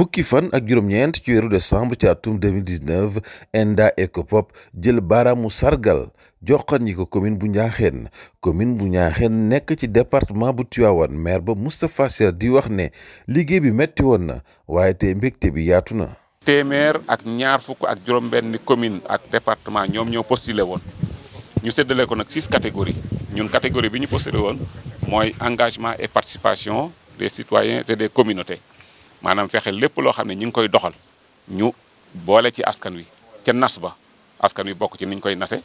fukki fan ak juróom ñent ci wéru décembre ci atum 2019 ENDA ECOPOP jël baaraamu sargal joxoon ñi ko commune bu Ndiakhène commune bu Ndiakhène nekk ci département bu Tivaouane maire ba Moustapha Sène di wax né liggéey bi metti woon na waaye te mbégte bi yatuna na. téeméer ak ñaar fukk ak juróom-benn commune ak département ñom ñoo postulé won ñu sédélé ko nak 6 catégories ñun catégorie bi ñu postulé won moy engagement et participation des citoyens et des communautés. maanaam fexe lépp loo xam ne ñu ngi koy doxal ñu boole ci askan wi ca nas ba askan wi bokk ci ni koy nase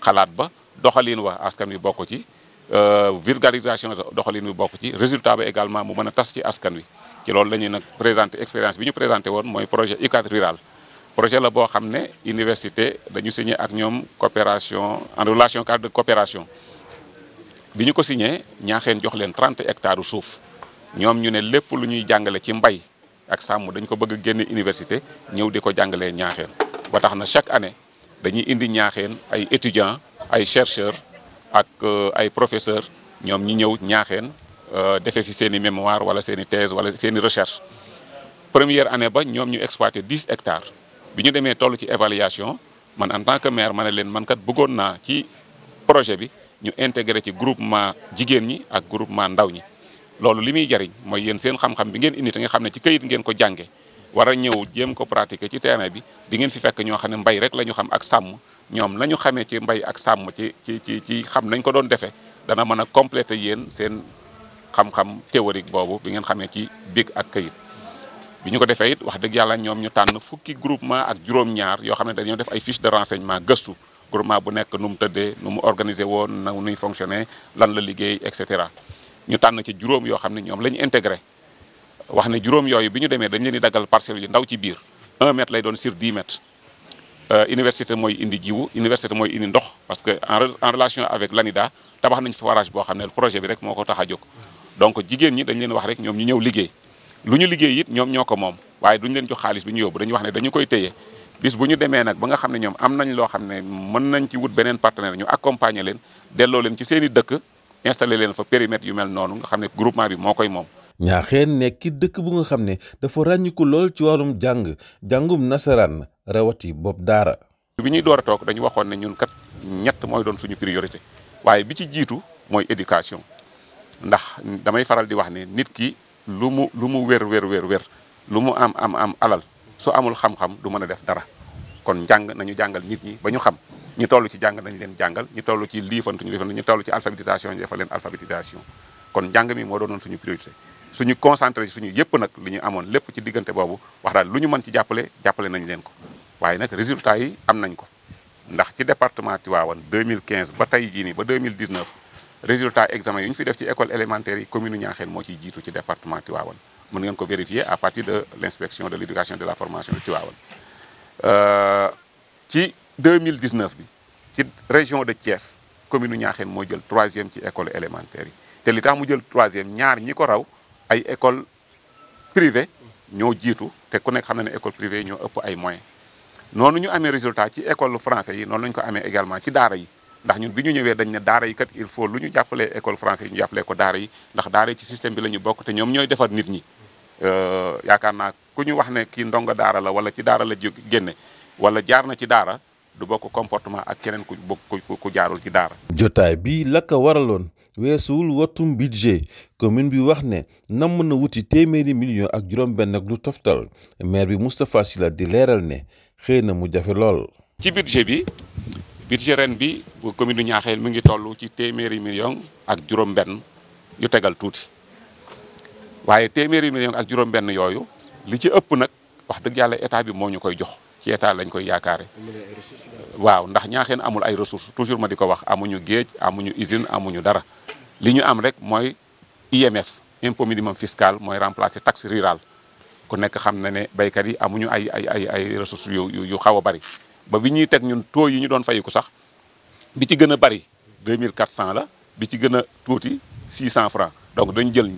xalaat ba doxaliin wa askan wi bokk ci euh, vulgarisation doxaliin wi bokk ci résultat ba également mu mën a tas ci askan wi ci loolu la ñuy nag présenté expérience bi ñu présenté woon mooy projet UCAD rural projet la boo xam ne université dañu signé ak ñoom coopération en relation cadre de coopération bi ñu ko signé ñaaxeen jox leen 30 hectares suuf ñoom ñu ne lépp lu ñuy jàngale ci mbay ak sàmm dañ ko bëgg génn université ñëw di ko jàngalee ñaaxeen ba tax na chaque année dañuy indi ñaaxeen ay étudiants ay chercheurs ak euh, ay professeurs ñoom ñu ñëw ñaaxeen euh, defee fi seen i mémoire wala seen i thèse wala seeni recherche première année ba ñoom ñu exploité 10 hectares bi ñu demee toll ci évaluation man en tant que maire ma ne leen man bëggoon naa ci projet bi ñu intégré ci groupement jigéen ñi ak groupement ndaw ñi loolu li muy jariñ mooy yéen seen xam-xam bi ngeen indi te nga xam ne ci kayit ngeen ko jànge war a ñëw jéem ko pratiquer ci terrain bi di ngeen fi fekk ñoo xam ne mbay rek la ñu xam ak sàmm ñoom la ñu xamee ci mbay ak sàmm ci ci ci ci xam nañ ko doon defee dana mën a compléter yéen seen xam-xam théorique boobu bi ngeen xamee ci big ak këyit bi ñu ko defee it wax dëgg yàlla ñoom ñu tànn fukki groupement ak juróom-ñaar yoo xam ne dañoo def ay fiche de renseignement gëstu groupement bu nekk nu mu tëddee nu mu organiser woon na nuy fonctionner lan la liggéey et cetera ñu tànn ci juróom yoo xam ne ñoom la ñu intégré wax ne juróom yooyu bi ñu demee dañ leen di daggal parcelles yu ndaw ci biir 1 mètre lay doon sur 10 mètres euh, université mooy indi jiwu université mooy indi ndox parce que en relation avec l'ANIDA tabax nañ fa forage boo xam ne projet bi rek moo ko tax a jóg donc jigéen ñi dañ leen wax rek ñoom ñu ñëw liggéey lu ñu liggéey it ñoom ñoo ko moom waaye duñu leen jox xaalis bi ñu yóbbu dañuy wax ne dañu koy téye bis bu ñu demee nag ba nga xam ne ñoom am nañ loo xam ne mën nañ ci wut beneen ñu accompagner leen delloo leen ci dëkk installé leen fa périmètre yu mel noonu nga xam ne groupement bi moo koy moom. ñaaxeen nekki dëkk bu nga xam ne dafa ràññiku lool ci wàllum jàng jàngum nasaraan rawati bopp daara. bi ñuy door a toog dañu waxoon ne ñun kat ñett mooy doon suñu priorité waaye bi ci jiitu mooy éducation ndax damay faral di wax ne nit ki lu mu lu mu wér wér wér wér lu mu am am am alal su amul xam-xam du mën a def dara. kon jang nañu jangal nit ñi bañu xam ñu tollu ci jang nañu leen jangal ñu tollu ci lifantuñu lifantu ñu tollu ci alphabétisation ñu defal leen alphabétisation kon jang mi mo non suñu priorité suñu concentré suñu yépp nak liñu ñu lépp ci digënté bobu wax daal luñu mën ci jappalé jappalé nañu leen ko waaye nak résultat yi am nañ ko ndax ci département tiwawan 2015 ba tay gi ni ba 2019 résultat examen yuñ fi def ci école élémentaire commune ñaxel mo ci jitu ci département tiwawan mën ngeen ko vérifier à partir de l'inspection de l'éducation de la formation tiwawan Euh, ci 2019 dans ci région de Thiès commune Niakhène mo jël troisième ci école élémentaire té li troisième ñaar ñi ko école privée ku école privée ëpp ay moyens résultat école également ci daara yi ndax ñun résultats il faut luñu école français ñu ko daara yi système ku ñu wax ne kii ndongo daara la wala ci daara la génne wala jaar na ci daara du bokk comportement ak keneen ku bokk ku jaarul ci daara. jotaay bi lakk waraloon weesuwul wattum budget commune bi wax ne namm na wuti téeméeri million ak juróom-benn ak bi Moustapha Sylla di leeral ne xëy na mu jafe lool. ci budget bi budget bi bu commune mi ngi toll ci téeméeri million ak juróom-benn yu tegal tuuti waaye téeméeri million ak juróom-benn yooyu. li ci ëpp nak wax dëgg yalla état bi mo ñu koy jox ci état lañ koy yaakaaré waaw ndax ñaaxeen amul ay ressources toujours ma diko wax amuñu géej amuñu usine amuñu dara li ñu am rek moy IMF impôt minimum fiscal moy remplacer taxe rurale ku nekk xam na ne baykat yi amuñu ay ay ay ay ressources yu yu xaw a bari ba bi ñuy tek ñun taux yi ñu doon fayiku sax bi ci gëna bari 2400 la bi ci gëna a tuuti 600 francs donc dañu jël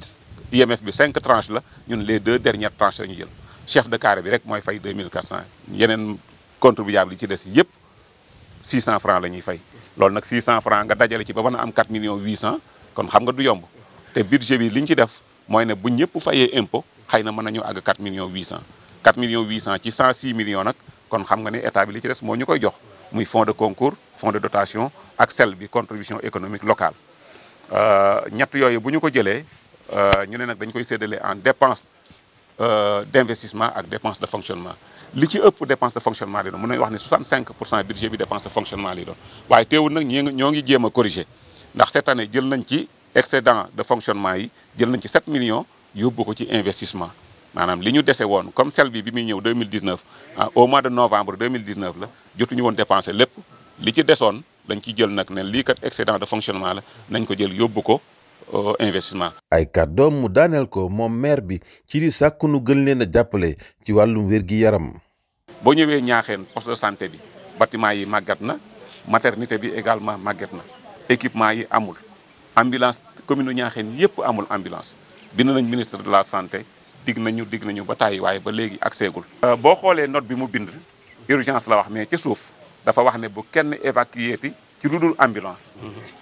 IMF bi 5 tranches les deux dernières tranches Le chef de carré bi rek 2400 yenen contribuable 600 francs la fay 600 francs nga 4 budget bi ci def bu ñëpp impôt xayna 4 800 4 millions 800 106 millions kon xam nga fonds de concours fonds de dotation ak sel bi contribution économique locale euh, bu euh, nous avons nak dañ koy en dépenses euh, d'investissement et ak dépenses de fonctionnement li ci ëpp dépenses de fonctionnement c'est avons 65 du budget bi dépenses de fonctionnement Mais nous avons corrigé. corriger cette année jël nañ ci excédent de fonctionnement yi jël 7 millions nous ko ci investissement Madame, li ñu comme celle bi bi 2019 ah, au mois de novembre 2019 nous avons dépensé Ce li ci desoon dañ excédent de fonctionnement la nañ investissement. ay doom mu daaneel ko moom maire bi ci di sàkku nu gën leen a jàppale ci wàllum wér-gi-yaram. boo ñëwee ñaaxeen poste de santé bi bâtiment yi màggat na maternité bi également màggat na équipement yi amul ambulance commune u ñaaxeen yëpp amul ambulance bind nañ ministre de la santé digg nañu dig nañu ba tàyyi waaye ba léegi ak seegul euh, boo xoolee not bi mu bind urgence la wax mais ci suuf dafa wax ne bu kenn évacué ti ci lu dul ambulance mm-hmm.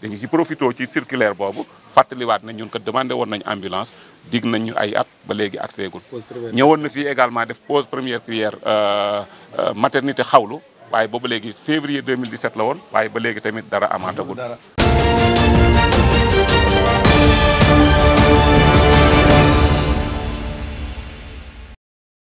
dañu ci profité ci circulaire boobu fàttaliwaat nañ ñun kat demandé woon nañ ambulance dig nañu ñu ay at ba léegi accès gul ñëwoon na fii également def pause première cuillère euh, euh, maternité xawlu waaye boobu léegi février 2017 la woon waaye ba léegi tamit dara amaatagul